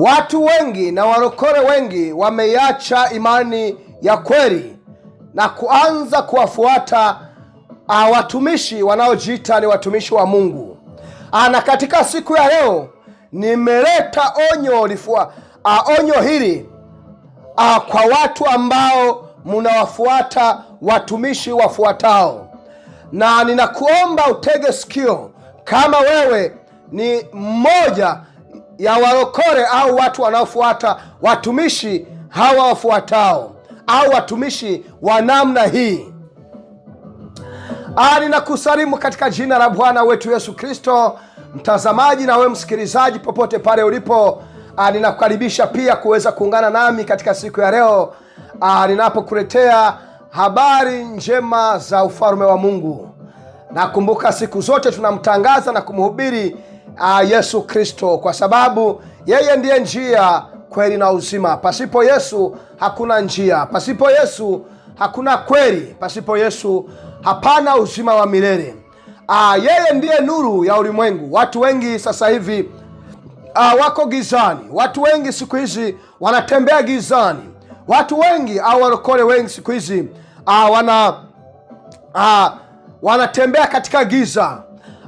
Watu wengi na warokore wengi wameiacha imani ya kweli na kuanza kuwafuata uh, watumishi wanaojiita ni watumishi wa Mungu. Uh, na katika siku ya leo nimeleta onyo lifua, uh, onyo hili uh, kwa watu ambao mnawafuata watumishi wafuatao, na ninakuomba utege sikio kama wewe ni mmoja ya walokole au watu wanaofuata watumishi hawa wafuatao au watumishi wa namna hii. Ah, ninakusalimu katika jina la Bwana wetu Yesu Kristo. Mtazamaji na wewe msikilizaji, popote pale ulipo, ah, ninakukaribisha pia kuweza kuungana nami katika siku ya leo ah, ninapokuletea habari njema za ufalme wa Mungu. Nakumbuka siku zote tunamtangaza na kumhubiri uh, Yesu Kristo, kwa sababu yeye ndiye njia, kweli na uzima. Pasipo Yesu hakuna njia, pasipo Yesu hakuna kweli, pasipo Yesu hapana uzima wa milele. Uh, yeye ndiye nuru ya ulimwengu. Watu wengi sasa hivi uh, wako gizani. Watu wengi siku hizi wanatembea gizani. Watu wengi au walokole wengi siku hizi uh, wana uh, wanatembea katika giza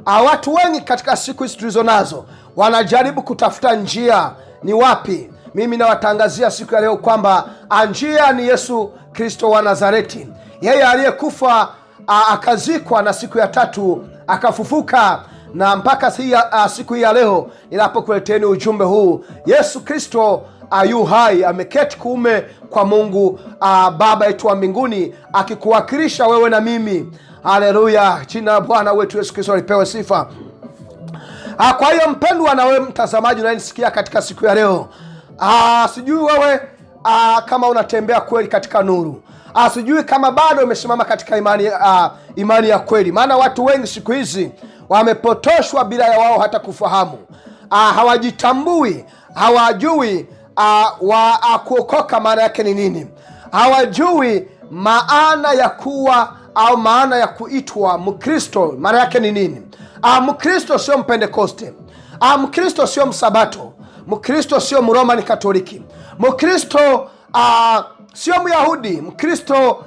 A, watu wengi katika siku hizi tulizo nazo wanajaribu kutafuta njia ni wapi. Mimi nawatangazia siku ya leo kwamba njia ni Yesu Kristo wa Nazareti, yeye aliyekufa akazikwa na siku ya tatu akafufuka na mpaka siku hii ya leo ninapokuleteni ujumbe huu, Yesu Kristo ayu hai, ameketi kuume kwa Mungu a, Baba yetu wa mbinguni, akikuwakilisha wewe na mimi Haleluya, jina Bwana wetu Yesu Kristo alipewe sifa. Ah, kwa hiyo mpendwa, na wewe mtazamaji unayenisikia katika siku ya leo, ah, sijui wewe ah, kama unatembea kweli katika nuru, sijui kama bado umesimama katika imani, imani ya kweli, maana watu wengi siku hizi wamepotoshwa bila ya wao hata kufahamu. Hawajitambui, hawajui wa kuokoka maana yake ni nini, hawajui maana ya kuwa au maana ya kuitwa Mkristo maana yake ni nini? Ah, Mkristo sio Mpentekoste. Ah, Mkristo sio Msabato. Mkristo sio Mroman Katoliki. Mkristo ah, sio Myahudi. Mkristo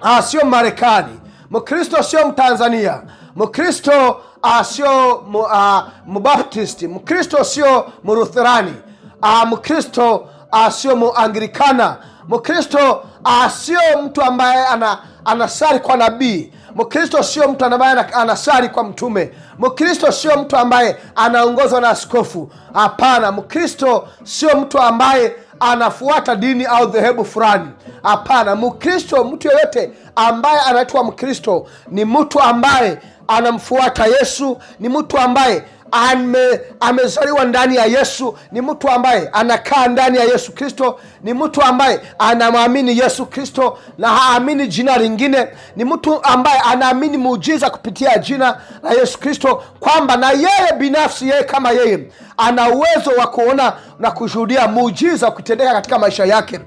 ah, sio Marekani. Mkristo sio Mtanzania. Mkristo ah, sio ah, Mbaptisti. Mkristo sio Mlutherani. Ah, Mkristo asio muanglikana. Mkristo sio mtu ambaye ana, anasari kwa nabii. Mkristo sio mtu ambaye anasari kwa mtume. Mkristo sio mtu ambaye anaongozwa na askofu. Hapana, Mkristo sio mtu ambaye anafuata dini au dhehebu fulani. Hapana, Mkristo, mtu yeyote ambaye anaitwa Mkristo ni mtu ambaye anamfuata Yesu, ni mtu ambaye ame, amezaliwa ndani ya Yesu, ni mtu ambaye anakaa ndani ya Yesu Kristo, ni mtu ambaye anamwamini Yesu Kristo na haamini jina lingine, ni mtu ambaye anaamini muujiza kupitia jina la Yesu Kristo, kwamba na yeye binafsi, yeye kama yeye, ana uwezo wa kuona na kushuhudia muujiza kutendeka katika maisha yake.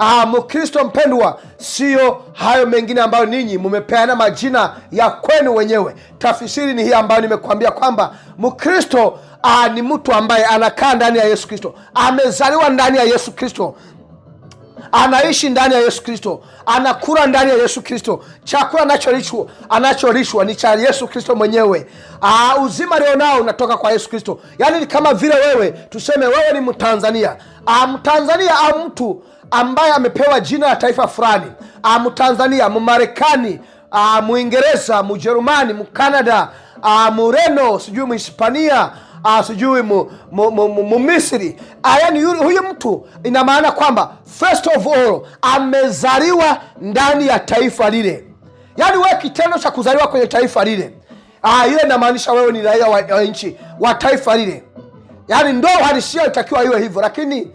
Ah, Mkristo mpendwa, siyo hayo mengine ambayo ninyi mumepeana majina ya kwenu wenyewe. Tafsiri ni hii ambayo nimekuambia kwamba Mkristo ah, ni mtu ambaye anakaa ndani ya Yesu Kristo, amezaliwa ndani ya Yesu Kristo, anaishi ndani ya Yesu Kristo, anakula ndani ya Yesu Kristo. Chakula anacholishwa anacholishwa ni cha Yesu Kristo mwenyewe. Aa, ah, uzima alionao unatoka kwa Yesu Kristo. Yaani ni kama vile wewe tuseme, wewe ni Mtanzania, ah, Mtanzania au mtu ambaye amepewa jina la taifa fulani, ah, Mtanzania, Mmarekani, ah, Mwingereza, Mjerumani, Mkanada, ah, Mureno, sijui Mhispania, sijui Mumisri. Yani huyu mtu ina maana kwamba first of all amezaliwa ndani ya taifa lile. Yani wewe kitendo cha kuzaliwa kwenye taifa lile ile inamaanisha wewe ni raia wa, wa nchi wa taifa lile. Yani ndo uhalisia itakiwa iwe hivyo, lakini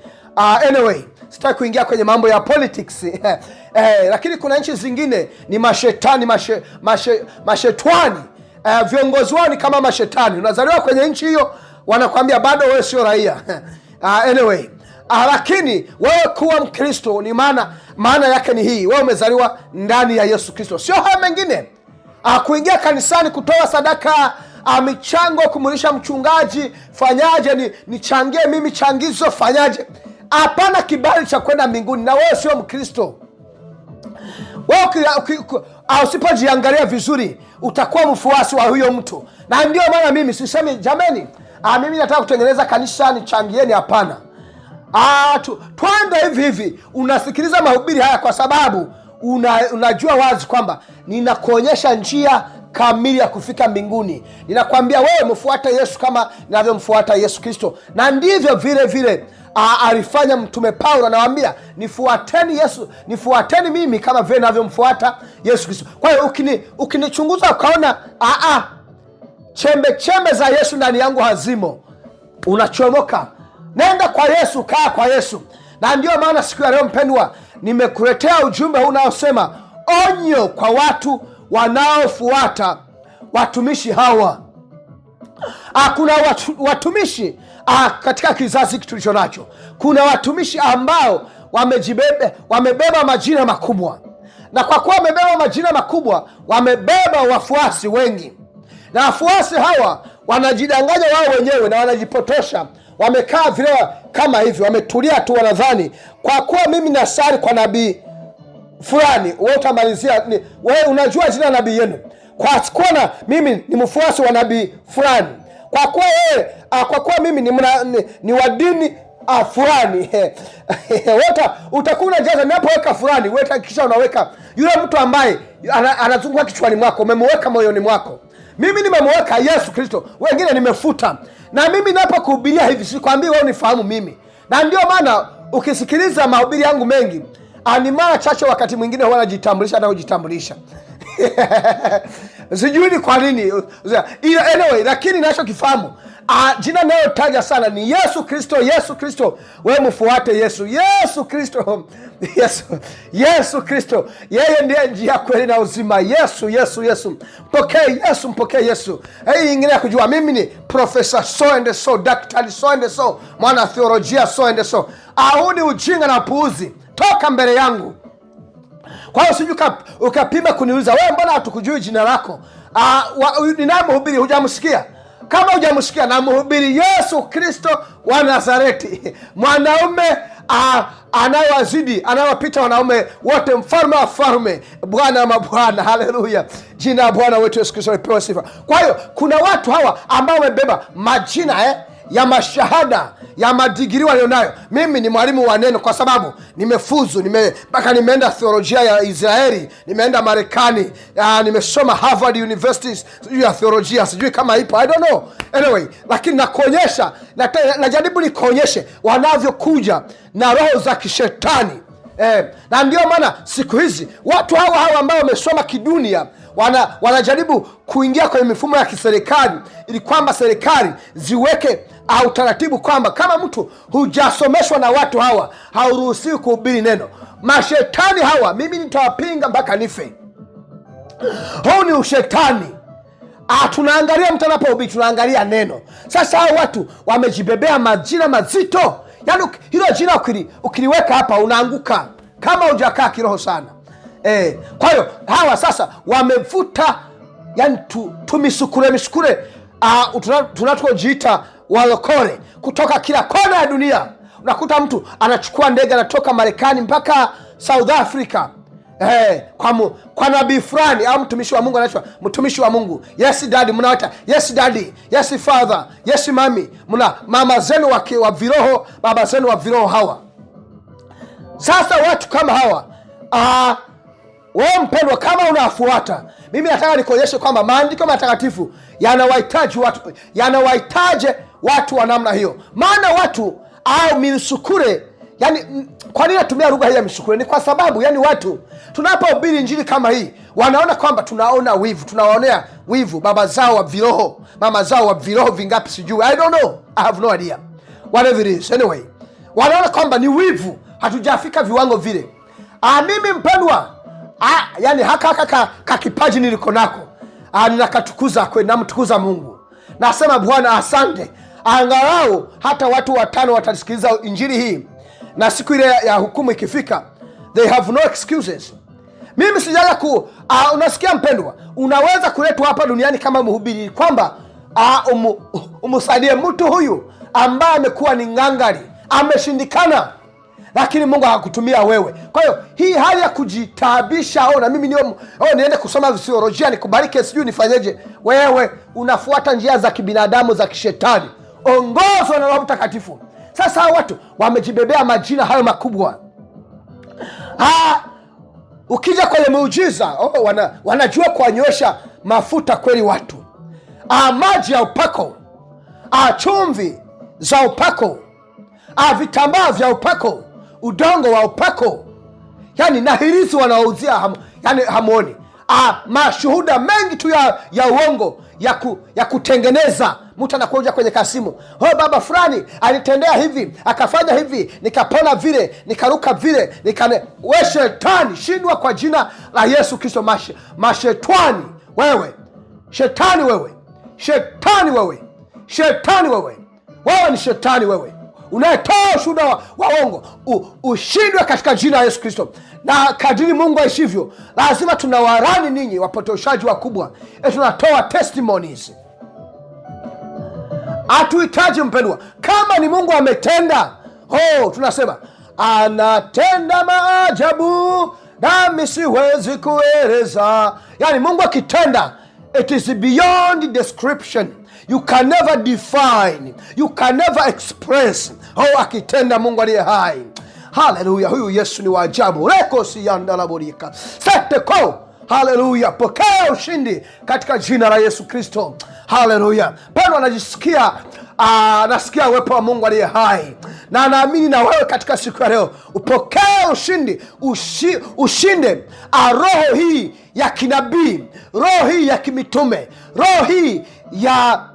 anyway sitaki kuingia kwenye mambo ya politics eh, eh, lakini kuna nchi zingine ni mashetani mashe, mashe, mashetwani eh, viongozi wao ni kama mashetani. Unazaliwa kwenye nchi hiyo, wanakwambia bado wewe sio raia uh, anyway Ah, lakini wewe kuwa Mkristo ni maana maana yake ni hii, wewe umezaliwa ndani ya Yesu Kristo, sio haya mengine. Ah, kuingia kanisani, kutoa sadaka, ah, michango, kumulisha mchungaji, fanyaje, ni nichangie mimi changizo, fanyaje Hapana kibali cha kwenda mbinguni, na wewe sio Mkristo. Usipojiangalia vizuri, utakuwa mfuasi wa huyo mtu, na ndio maana mimi sisemi jameni, ah, mimi nataka kutengeneza kanisa nichangieni. Hapana, ah, twende hivi hivi. Unasikiliza mahubiri haya kwa sababu una, unajua wazi kwamba ninakuonyesha njia kamili ya kufika mbinguni. Ninakwambia wewe mfuata Yesu kama navyomfuata Yesu Kristo, na ndivyo vile vile alifanya Mtume Paulo. Anawaambia, nifuateni Yesu, nifuateni mimi kama vile navyomfuata Yesu Kristo. Kwa hiyo ukini, ukinichunguza ukaona aa, chembe chembe za Yesu ndani yangu hazimo, unachomoka. Nenda kwa Yesu, kaa kwa Yesu. Na ndiyo maana siku ya leo mpendwa, nimekuletea ujumbe huu unaosema onyo kwa watu wanaofuata watumishi hawa. Ah, kuna watu, watumishi ah, katika kizazi tulicho nacho kuna watumishi ambao wamejibebe, wamebeba majina makubwa, na kwa kuwa wamebeba majina makubwa wamebeba wafuasi wengi, na wafuasi hawa wanajidanganya wao wenyewe na wanajipotosha wamekaa vile kama hivi, wametulia tu, wanadhani kwa kuwa mimi nasari kwa nabii fulani, wewe utamalizia wewe unajua jina nabii yenu, kwa kuwa na mimi ni mfuasi wa nabii fulani, kwa kuwa wewe, ah, kwa kuwa mimi ni, mna, ni, ni wa dini ah, fulani utakuwa unajaza ninapoweka fulani, wewe hakikisha unaweka yule mtu ambaye anazunguka kichwani mwako, umemweka moyoni mwako. Mimi nimemweka Yesu Kristo, wengine nimefuta. Na mimi ninapokuhubiria hivi sikwambii wewe unifahamu mimi, na ndio maana ukisikiliza mahubiri yangu mengi ni mara chache, wakati mwingine wanajitambulisha hata kujitambulisha sijui ni kwa nini, anyway, lakini nachokifahamu Ah, jina nayotaja sana ni Yesu Kristo, Yesu Kristo. Wewe mfuate Yesu, Yesu Kristo, Yesu, Yesu Kristo. Yeye ndiye njia, kweli na uzima. Yesu, Yesu, Yesu. Mpokee Yesu, mpokee Yesu. Hii ingine ya kujua mimi ni profesa so and so, daktari so and so, mwana theolojia so and so. Ahuni ujinga na puuzi, toka mbele yangu. Kwa hiyo sijui ukapima kuniuliza wewe, mbona hatukujui jina lako? Ah, ninayemhubiri hujamsikia kama hujamsikia, namhubiri Yesu Kristo wa Nazareti, mwanaume anayewazidi anayewapita wanaume wote, mfalme wa falme, Bwana wa mabwana. Haleluya, jina ya Bwana wetu Yesu Kristo lipewe sifa. Kwa hiyo kuna watu hawa ambao wamebeba majina eh? ya mashahada ya madigiri walionayo. Mimi ni mwalimu wa neno kwa sababu nimefuzu mpaka nime, nimeenda theolojia ya Israeli, nimeenda Marekani, nimesoma Harvard University, sijui ya theolojia, sijui kama ipo, I don't know anyway, lakini nakuonyesha, najaribu nikuonyeshe wanavyokuja na roho za kishetani eh. Na ndio maana siku hizi watu hawa hawa ambao wamesoma kidunia wana, wanajaribu kuingia kwenye mifumo ya kiserikali ili kwamba serikali ziweke utaratibu kwamba kama mtu hujasomeshwa na watu hawa hauruhusiwi kuhubiri neno. Mashetani hawa mimi nitawapinga mpaka nife. Huu ni ushetani. Ah, tunaangalia mtu anapohubiri, tunaangalia neno. Sasa hao watu wamejibebea majina mazito yaani hilo jina ukili, ukiliweka hapa unaanguka kama hujakaa kiroho sana eh. Kwa hiyo hawa sasa wamevuta yani tu, tumisukure misukure ah, uh, tunatuojiita walokole kutoka kila kona ya dunia. Unakuta mtu anachukua ndege anatoka Marekani mpaka South Africa Hey, eh, kwa mu, kwa nabii fulani au mtumishi wa Mungu anaitwa mtumishi wa Mungu. Yes daddy, mnaita yes daddy, yes father, yes mami, mna mama zenu wa viroho, baba zenu wa viroho hawa. Sasa watu kama hawa uh, wewe mpendwa, kama unafuata mimi, nataka nikuonyeshe kwamba maandiko matakatifu yanawahitaji watu, yanawahitaji watu wa namna hiyo, maana watu au misukure Yani, kwa nini natumia lugha hii ya mshukuru? Ni kwa sababu yani watu tunapohubiri injili kama hii wanaona kwamba tunaona wivu, tunawaonea wivu baba zao wa viroho, mama zao wa viroho vingapi sijui, I don't know, I have no idea, whatever it is anyway, wanaona kwamba ni wivu, hatujafika viwango vile. Ah, mimi mpendwa, ah, yani haka haka ka, ka kipaji niliko nako ah, ninakatukuza kweli, namtukuza Mungu, nasema Bwana asante, angalau hata watu watano watasikiliza injili hii na siku ile ya hukumu ikifika, they have no excuses. Mimi sijaja ku uh, unasikia mpendwa, unaweza kuletwa hapa duniani kama mhubiri kwamba uh, ah, um, umusaidie mtu huyu ambaye amekuwa ni ngangari, ameshindikana, lakini Mungu akakutumia wewe. Kwa hiyo hii hali ya kujitaabisha, oh, na mimi niyo, oh, niende kusoma visiolojia nikubarike, sijui nifanyeje, wewe unafuata njia za kibinadamu za kishetani, ongozwa na Roho Mtakatifu. Sasa hao watu wamejibebea majina hayo makubwa. Ah, ukija kwenye muujiza oh, wana, wanajua kuwanyosha mafuta kweli watu ah, maji ya upako ah, chumvi za upako ah, vitambaa vya upako udongo wa upako yani na hirisi wanawauzia ham, yani hamuoni ah, mashuhuda mengi tu ya, ya uongo ya, ku, ya kutengeneza mtu anakuja kwenye kasimu, oh, baba fulani alitendea hivi akafanya hivi nikapona vile nikaruka vile nikane. We shetani, shindwa kwa jina la Yesu Kristo. mashetani mashetwani wewe, shetani wewe, shetani wewe, shetani wewe, wewe ni shetani wewe unayetoa ushuda wa, wa ushindwe katika jina la Yesu Kristo. Na kadiri Mungu aishivyo, lazima tunawarani ninyi wapotoshaji wakubwa, tunatoa testimonies Hatuhitaji mpendwa, kama ni Mungu ametenda, oh, tunasema anatenda maajabu, nami siwezi kueleza. Yani Mungu akitenda, it is beyond description you can never define, you can never express. akitenda Mungu aliye hai. Haleluya, huyu Yesu ni waajabu sete seteko Haleluya, pokea ushindi katika jina la Yesu Kristo. Haleluya pendo, anajisikia anasikia ah, uwepo wa Mungu aliye hai, na anaamini na wewe katika siku ya leo upokee ushindi ushi, ushinde ah, roho hii ya kinabii, roho hii ya kimitume, roho hii ya,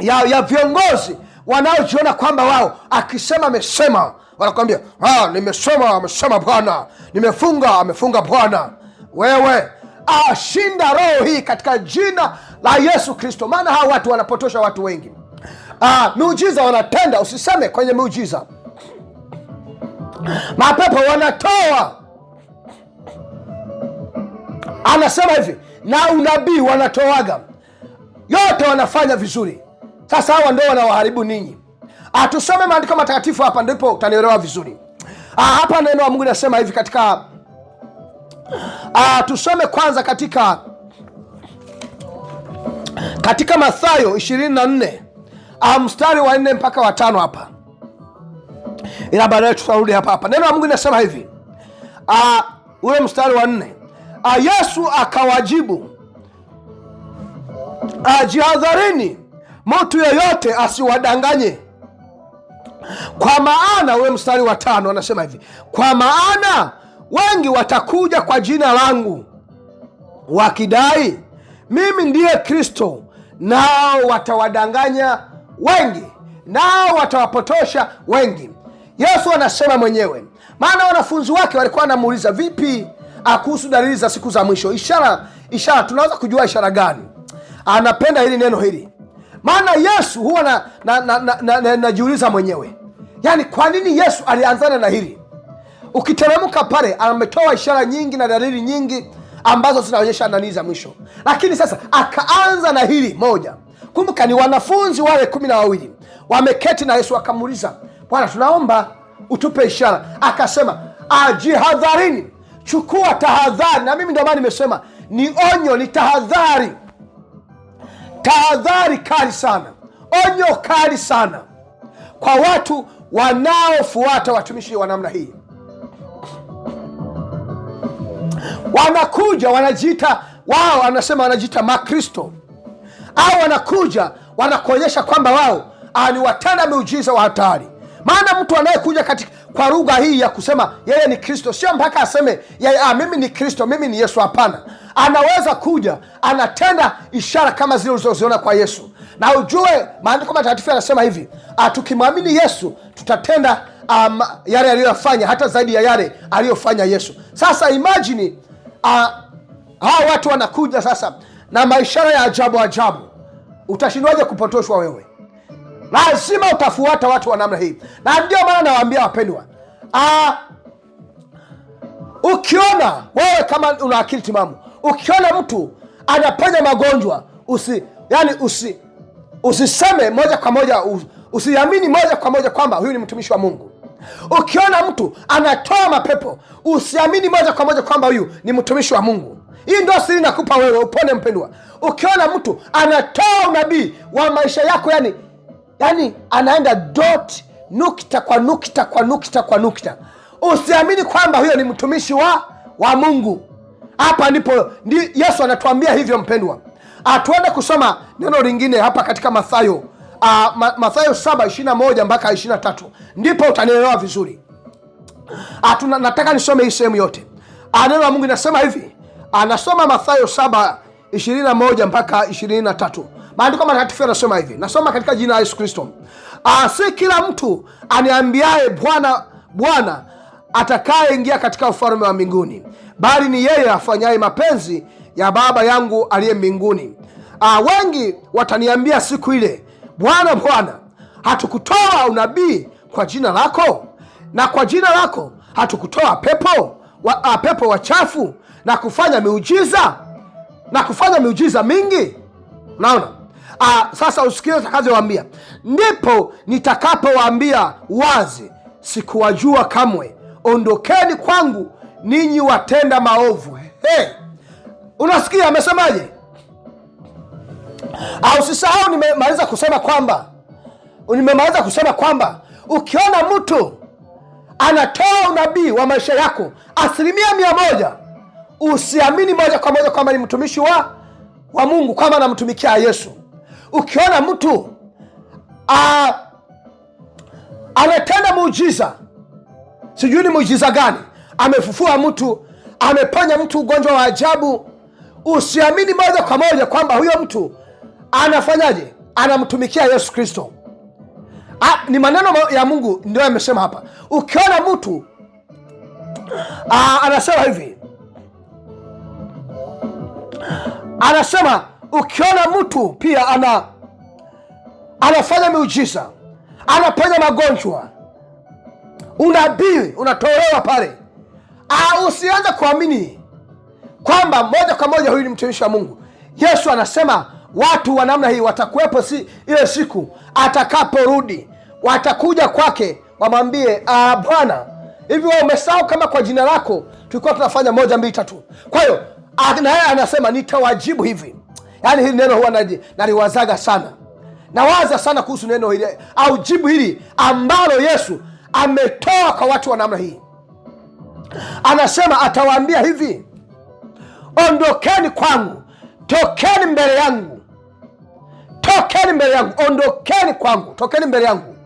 ya, ya viongozi wanaojiona kwamba wao akisema amesema, wanakwambia ah, nimesema amesema Bwana, nimefunga amefunga Bwana wewe ashinda roho hii katika jina la Yesu Kristo. Maana hawa watu wanapotosha watu wengi. Ah, miujiza wanatenda, usiseme kwenye miujiza. Mapepo wanatoa, anasema hivi, na unabii wanatoaga, yote wanafanya vizuri. Sasa hawa ndo wanawaharibu ninyi. Ah, tusome maandiko matakatifu hapa, ndipo utanielewa vizuri. Ah, hapa neno wa Mungu nasema hivi katika Aa, ah, tusome kwanza katika katika Mathayo 24 ah, mstari wa nne mpaka wa tano hapa, ila baadaye tutarudi hapa hapa. Neno la Mungu linasema hivi ah, ule mstari wa nne ah, Yesu akawajibu ah, jihadharini mtu yeyote asiwadanganye kwa maana, ule mstari wa tano anasema hivi, kwa maana wengi watakuja kwa jina langu wakidai mimi ndiye Kristo, nao watawadanganya wengi, nao watawapotosha wengi. Yesu anasema mwenyewe, maana wanafunzi wake walikuwa wanamuuliza vipi kuhusu dalili za siku za mwisho, ishara. Ishara tunaweza kujua ishara gani? Anapenda hili neno hili, maana Yesu huwa najiuliza na, na, na, na, na, na mwenyewe, yaani kwa nini Yesu alianzana na hili ukiteremka pale, ametoa ishara nyingi na dalili nyingi ambazo zinaonyesha nani za mwisho, lakini sasa akaanza na hili moja. Kumbuka ni wanafunzi wale kumi na wawili wameketi na Yesu, akamuuliza Bwana, tunaomba utupe ishara. Akasema ajihadharini, chukua tahadhari. Na mimi ndio maana nimesema ni onyo, ni tahadhari, tahadhari kali sana, onyo kali sana kwa watu wanaofuata watumishi wa namna hii. wanakuja wanajiita wao, anasema wanajiita Makristo au wanakuja wanakuonyesha kwamba wao ah, ni watenda miujiza wa hatari. Maana mtu anayekuja katika kwa lugha hii ya kusema yeye ni Kristo sio mpaka aseme yeye, ah, mimi ni Kristo, mimi ni Yesu. Hapana, anaweza kuja anatenda ishara kama zile ulizoziona kwa Yesu, na ujue maandiko matakatifu yanasema hivi, ah, tukimwamini Yesu tutatenda um, yale aliyoyafanya hata zaidi ya yale aliyofanya Yesu. Sasa imajini Ah, hawa watu wanakuja sasa na maishara ya ajabu ajabu. Utashindwaje kupotoshwa wewe? Lazima utafuata watu wa namna hii, na ndio maana nawaambia wapendwa, ah, ukiona wewe kama una akili timamu, ukiona mtu anapenya magonjwa usi, yani usi, usiseme moja kwa moja, usiamini moja kwa moja kwamba huyu ni mtumishi wa Mungu. Ukiona mtu anatoa mapepo, usiamini moja kwa moja kwamba huyu ni mtumishi wa Mungu. Hii ndio siri nakupa wewe upone, mpendwa. Ukiona mtu anatoa unabii wa maisha yako, yani yani anaenda dot nukta kwa nukta kwa nukta kwa nukta, usiamini kwamba huyo ni mtumishi wa, wa Mungu. Hapa ndipo Yesu anatuambia hivyo mpendwa. Atuende kusoma neno lingine hapa katika Mathayo uh, Mathayo saba ishirini moja mpaka ishirini tatu ndipo utanielewa vizuri. Uh, nataka nisome hii sehemu yote. Uh, neno la Mungu inasema hivi, anasoma uh, Mathayo saba ishirini moja mpaka ishirini tatu. Maandiko matakatifu yanasema hivi, nasoma katika jina la Yesu Kristo. Uh, si kila mtu aniambiaye Bwana, Bwana atakayeingia katika ufalme wa mbinguni, bali ni yeye afanyaye mapenzi ya Baba yangu aliye mbinguni. Uh, wengi wataniambia siku ile, Bwana, Bwana, hatukutoa unabii kwa jina lako, na kwa jina lako hatukutoa pepo wa, a, ah, pepo wachafu na kufanya miujiza na kufanya miujiza mingi? Naona ah, sasa, usikie utakavyowaambia, ndipo nitakapowaambia wazi, sikuwajua kamwe, ondokeni kwangu ninyi watenda maovu. Hey, unasikia amesemaje? au sisahau, nimemaliza kusema kwamba nimemaliza kusema kwamba ukiona mtu anatoa unabii wa maisha yako asilimia mia moja, usiamini moja kwa moja kwamba ni mtumishi wa, wa Mungu, kwamba anamtumikia Yesu. Ukiona mtu a, anatenda muujiza, sijui ni muujiza gani, amefufua mtu, ameponya mtu ugonjwa wa ajabu, usiamini moja kwa moja kwamba huyo mtu anafanyaje? Anamtumikia Yesu Kristo. ni maneno ya Mungu ndio yamesema hapa. Ukiona mtu anasema hivi, anasema ukiona mtu pia ana anafanya miujiza, anaponya magonjwa, unabii unatolewa pale, usianze kuamini kwamba moja kwa moja huyu ni mtumishi wa Mungu. Yesu anasema watu wa namna hii watakuwepo si, ile siku atakaporudi watakuja kwake wamwambie, ah, Bwana, hivi wewe umesahau kama kwa jina lako tulikuwa tunafanya moja mbili tatu? Kwa hiyo ah, na yeye anasema nitawajibu hivi. Yaani hili neno huwa naliwazaga sana, nawaza sana kuhusu neno hili au jibu hili ambalo Yesu ametoa kwa watu wa namna hii. Anasema atawaambia hivi, ondokeni kwangu, tokeni mbele yangu tokeni mbele yangu, ondokeni kwangu, tokeni mbele yangu.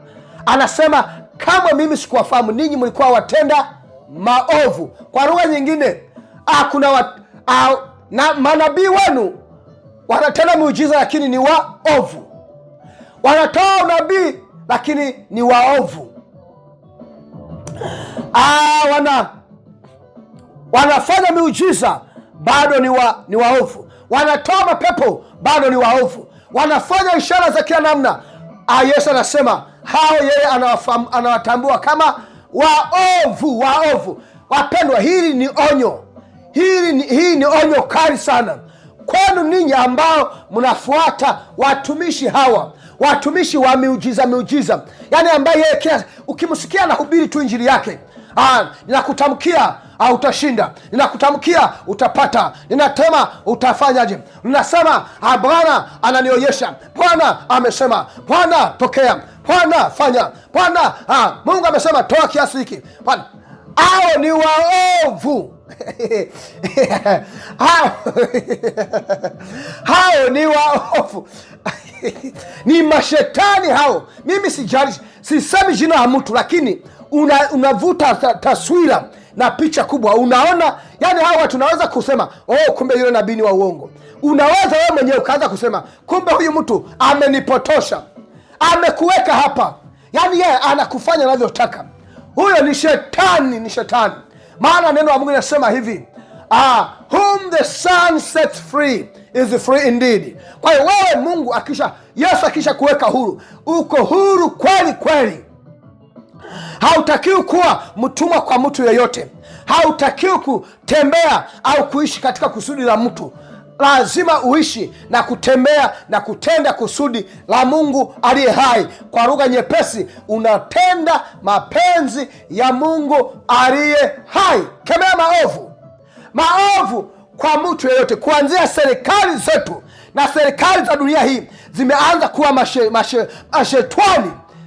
Anasema kama mimi sikuwafahamu ninyi, mlikuwa watenda maovu. Kwa lugha nyingine, ah, kuna wat, ah, na manabii wenu wanatenda miujiza lakini ni waovu, wanatoa unabii lakini ni waovu. Ah, wana wanafanya miujiza bado ni, wa, ni waovu, wanatoa mapepo bado ni waovu, wanafanya ishara za kila namna. Ah, Yesu anasema hao yeye anawatambua kama waovu. Waovu wapendwa, hili ni onyo, hili ni, hii ni onyo kali sana kwenu ninyi ambao mnafuata watumishi hawa watumishi wa miujiza miujiza, yani ambaye yeye ukimsikia anahubiri tu injili yake, ah, nakutamkia utashinda Ninakutamkia utapata, ninatema utafanyaje? Ninasema ah, Bwana ananionyesha, Bwana amesema, Bwana tokea, Bwana fanya, Bwana ah, Mungu amesema toa kiasi hiki. ao ni waovu hao ni waovu ni mashetani hao. Mimi sijali, sisemi jina la mtu, lakini unavuta una taswira na picha kubwa. Unaona, yani hawa tunaweza kusema oh, kumbe yule nabii ni wa uongo. Unaweza wewe mwenyewe ukaanza kusema kumbe huyu mtu amenipotosha, amekuweka hapa, yani yeye anakufanya anavyotaka. Huyo ni shetani, ni shetani. Maana neno la Mungu linasema hivi ah, whom the sun sets free is free indeed. Kwa hiyo wewe Mungu akisha, Yesu akisha kuweka huru, uko huru kweli kweli. Hautakiwi kuwa mtumwa kwa mtu yeyote, hautakiwi kutembea au kuishi katika kusudi la mtu. Lazima uishi na kutembea na kutenda kusudi la Mungu aliye hai. Kwa lugha nyepesi, unatenda mapenzi ya Mungu aliye hai. Kemea maovu, maovu kwa mtu yeyote, kuanzia serikali zetu na serikali za dunia hii zimeanza kuwa mashetwani mashe, mashe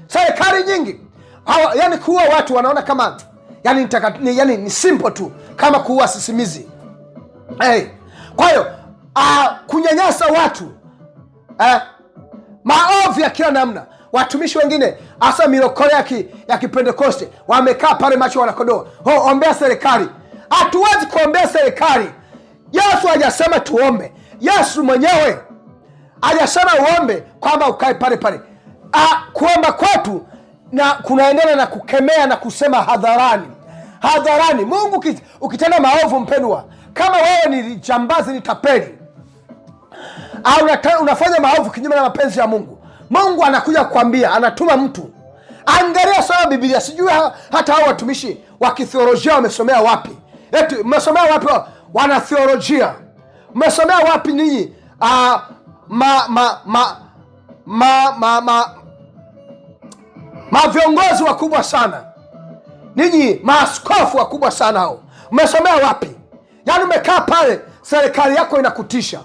serikali nyingi hawa, yani kuua watu wanaona kama yani, nitaka, ni, yani ni simple tu kama kuua sisimizi hey. Kwa hiyo ah, kunyanyasa watu eh, maovu ya kila namna. Watumishi wengine hasa milokole ya, ki, ya Kipentekoste wamekaa pale macho wanakodoa, ho ombea serikali. Hatuwezi kuombea serikali. Yesu hajasema tuombe. Yesu mwenyewe hajasema uombe kwamba ukae pale pale. Ah, kuomba kwetu na kunaendana na kukemea na kusema hadharani hadharani. Mungu ukitenda maovu, mpendwa, kama wewe ni jambazi, ni tapeli au unafanya maovu kinyume na mapenzi ya Mungu, Mungu anakuja kukwambia, anatuma mtu. Angalia soma Biblia, sijui hata hao watumishi wa kithiolojia wamesomea wapi? Eti mmesomea wapi wana theolojia? Mmesomea wapi ninyi? Uh, ma, ma, ma, ma, ma, ma maviongozi wakubwa sana ninyi, maaskofu wakubwa sana hao, mmesomea wapi? Yaani umekaa pale, serikali yako inakutisha.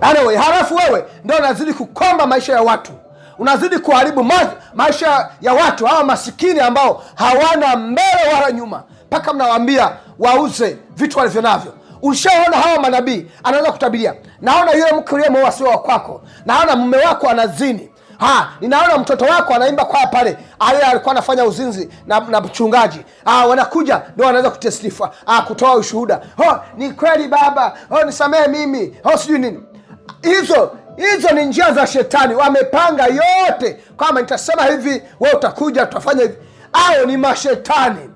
Anyway, halafu wewe ndo unazidi kukomba maisha ya watu, unazidi kuharibu maisha ya watu hawa masikini ambao hawana mbele wala nyuma, mpaka mnawaambia wauze vitu walivyo navyo. Ushaona hawa manabii, anaweza kutabilia naona yule mke uliyemwoa sio wa kwako, naona mume wako anazini ha, ah, ninaona mtoto wako anaimba kwaya pale, ah, yeye alikuwa anafanya uzinzi na, na mchungaji. Ah, wanakuja ndio wanaweza kutestifa ah, kutoa ushuhuda. ho, ni kweli baba. ho, nisamehe mimi. ho, sijui nini. Hizo hizo ni njia za shetani, wamepanga yote kama nitasema hivi, we utakuja, tutafanya hivi. Au ni mashetani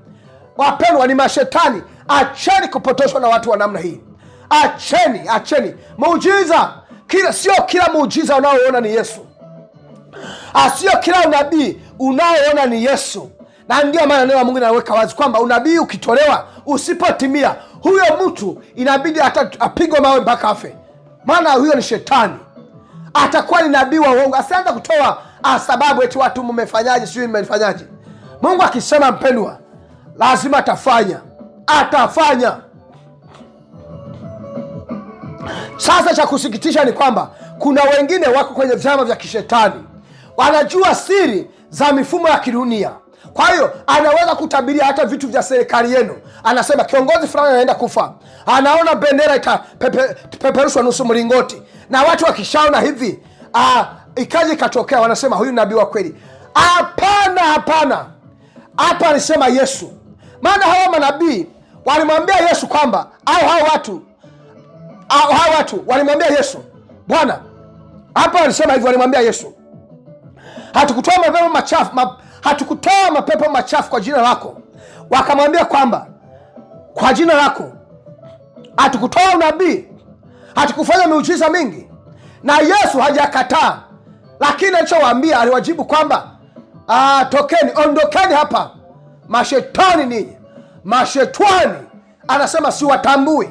wapendwa, ni mashetani. Acheni kupotoshwa na watu wa namna hii, acheni, acheni. Muujiza kila, sio kila muujiza unaoona ni Yesu asiyo ah, kila unabii unaoona ni Yesu. Na ndio maana neno la Mungu linaweka wazi kwamba unabii ukitolewa, usipotimia, huyo mtu inabidi hata apigwe mawe mpaka afe, maana huyo ni shetani, atakuwa ni nabii wa uongo. Asianza kutoa ah, sababu eti watu mmefanyaje, sijui mmefanyaje. Mungu akisema, mpendwa, lazima atafanya, atafanya. Sasa cha kusikitisha ni kwamba kuna wengine wako kwenye vyama vya kishetani wanajua siri za mifumo ya kidunia. Kwa hiyo anaweza kutabiria hata vitu vya serikali yenu. Anasema kiongozi fulani anaenda kufa, anaona bendera itapeperushwa nusu mlingoti, na watu wakishaona hivi ikaja ikatokea, wanasema huyu nabii wa kweli. Hapana, hapana, hapa alisema Yesu. Maana hawa manabii walimwambia Yesu kwamba au hao watu hao watu walimwambia Yesu, Bwana hapa alisema hivi walimwambia Yesu hatukutoa mapepo machafu ma, hatukutoa mapepo machafu kwa jina lako. Wakamwambia kwamba kwa jina lako hatukutoa unabii, hatukufanya miujiza mingi, na Yesu hajakataa, lakini alichowaambia aliwajibu kwamba ah, tokeni, ondokeni hapa mashetani ninyi. Mashetani anasema siwatambui,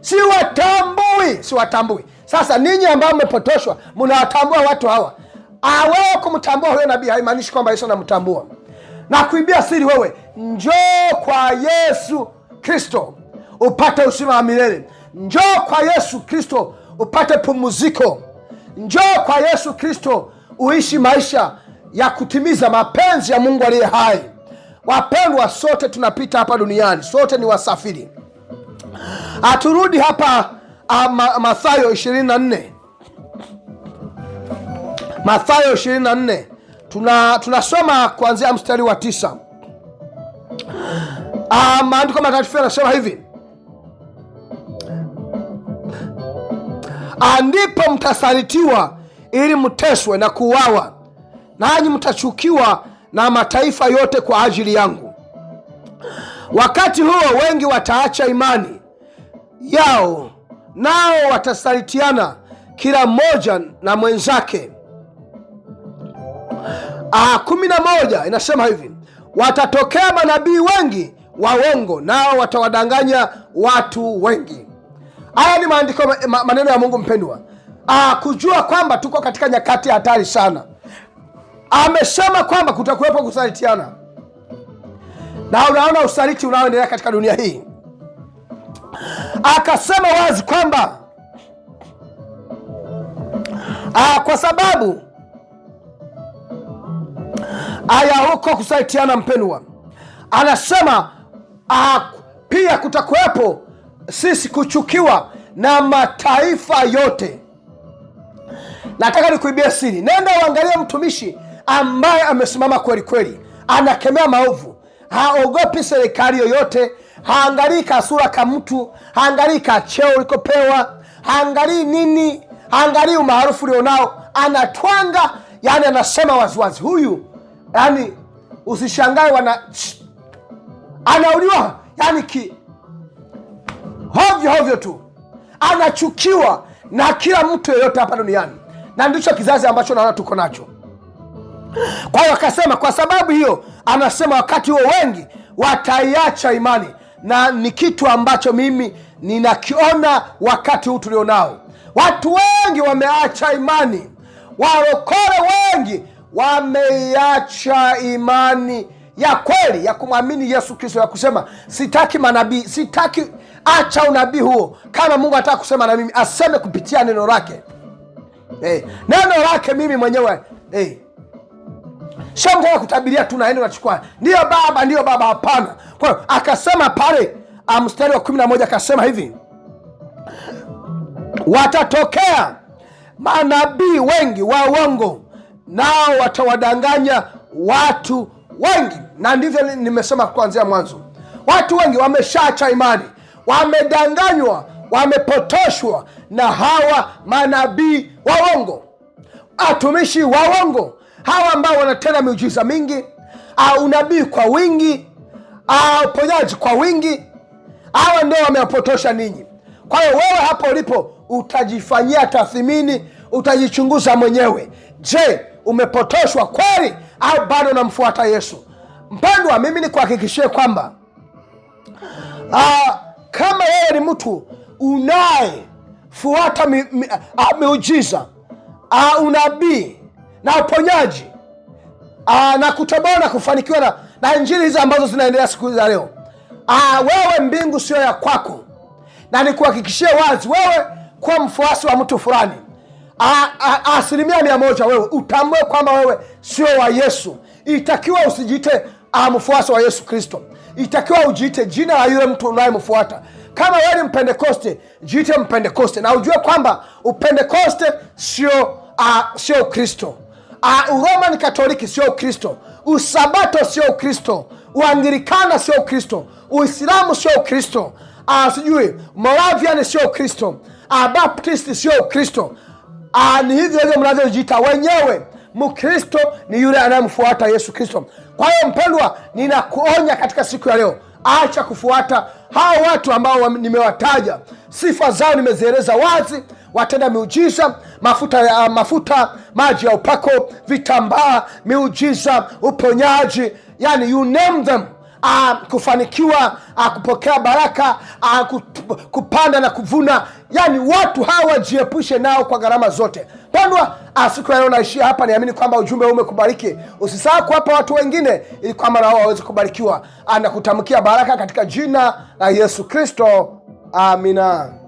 siwatambui, siwatambui. Sasa ninyi ambao mmepotoshwa, mnawatambua watu hawa Ah, wewe kumtambua huyo nabii haimaanishi kwamba Yesu anamtambua. Na kuibia siri wewe, njoo kwa Yesu Kristo upate uzima wa milele. Njoo kwa Yesu Kristo upate pumziko. Njoo kwa Yesu Kristo uishi maisha ya kutimiza mapenzi ya Mungu aliye hai. Wapendwa, sote tunapita hapa duniani, sote ni wasafiri. haturudi hapa ah, Mathayo 24 Mathayo 24 tuna tunasoma kuanzia mstari wa tisa. Ah, maandiko matakatifu yanasema hivi ah, Ndipo mtasalitiwa ili mteswe na kuuawa, nanyi mtachukiwa na mataifa yote kwa ajili yangu. Wakati huo wengi wataacha imani yao, nao watasalitiana kila mmoja na mwenzake, Ah, kumi na moja inasema hivi, watatokea manabii wengi waongo, nao watawadanganya watu wengi. Haya ni maandiko, maneno ya Mungu mpendwa. Ah, kujua kwamba tuko katika nyakati hatari sana. Amesema kwamba kutakuwepo kusalitiana, na unaona usaliti unaoendelea katika dunia hii. Akasema wazi kwamba ah, kwa sababu huko kusaitiana, mpendwa. Anasema ah, pia kutakuwepo sisi kuchukiwa na mataifa yote. Nataka nikuibia siri, nenda uangalie mtumishi ambaye amesimama kweli kweli, anakemea maovu, haogopi serikali yoyote, haangalii kasura ka mtu, haangalii ka cheo ulikopewa, haangalii nini, haangalii umaarufu ulionao, anatwanga. Yani anasema waziwazi, huyu yani usishangae wana anauliwa yani ki hovyo hovyo tu, anachukiwa na kila mtu yeyote hapa duniani, na ndicho kizazi ambacho naona tuko nacho. Kwa hiyo akasema, kwa sababu hiyo, anasema wakati huo wengi wataiacha imani, na ni kitu ambacho mimi ninakiona wakati huu tulionao. Watu wengi wameacha imani, warokore wengi wameiacha imani ya kweli ya kumwamini Yesu Kristo, ya kusema sitaki manabii, sitaki. Acha unabii huo. Kama Mungu anataka kusema na mimi, aseme kupitia neno lake hey. Eh, neno lake mimi mwenyewe hey. Eh. Sio mtaka kutabiria tu, naenda unachukua ndiyo baba, ndiyo baba. Hapana. Kwa hiyo akasema pale ah, mstari wa kumi na moja akasema hivi, watatokea manabii wengi wa uongo nao watawadanganya watu wengi, na ndivyo nimesema kuanzia mwanzo. Watu wengi wameshaacha imani, wamedanganywa, wamepotoshwa na hawa manabii waongo, watumishi waongo, hawa ambao wanatenda miujiza mingi, unabii kwa wingi, uponyaji kwa wingi. Hawa ndio wamewapotosha ninyi. Kwa hiyo wewe hapo ulipo utajifanyia tathmini, utajichunguza mwenyewe. Je, umepotoshwa kweli au bado unamfuata Yesu? Mpendwa, mimi nikuhakikishie kwamba aa, ah, kama yeye ni mtu unayefuata mi, mi, ah, miujiza ah, unabii na uponyaji na kutoboa na kufanikiwa na, na injili hizi ambazo zinaendelea siku za leo wewe mbingu sio ya kwako, na nikuhakikishie wazi, wewe kuwa mfuasi wa mtu fulani asilimia mia moja wewe utambue kwamba wewe sio wa Yesu. Itakiwa usijiite mfuasi wa Yesu Kristo, itakiwa ujiite jina la yule mtu unayemfuata. Kama wewe ni mpendekoste jiite mpendekoste na ujue kwamba upendekoste sio sio Ukristo. uromani Katoliki sio Ukristo. Usabato sio Ukristo. Uangirikana sio Ukristo. Uislamu sio Ukristo. Sijui Moravian sio Ukristo. Baptisti sio Ukristo. Ah, ni hivyo hivyo mnavyojiita wenyewe. Mkristo ni yule anayemfuata Yesu Kristo. Kwa hiyo mpendwa, ninakuonya katika siku ya leo, acha kufuata hawa watu ambao wa nimewataja. Sifa zao nimezieleza wazi, watenda miujiza, mafuta ya ah, mafuta, maji ya upako, vitambaa, miujiza, uponyaji, yani you name them. Ah, kufanikiwa, ah, kupokea baraka, ah, kupanda na kuvuna yani watu hawa wajiepushe nao kwa gharama zote. Pendwa, ah, siku ya leo naishia hapa. Niamini kwamba ujumbe ume umekubariki. Usisahau kuwapa watu wengine, ili kwamba nao waweze kubarikiwa. Anakutamkia ah, baraka katika jina la Yesu Kristo, amina.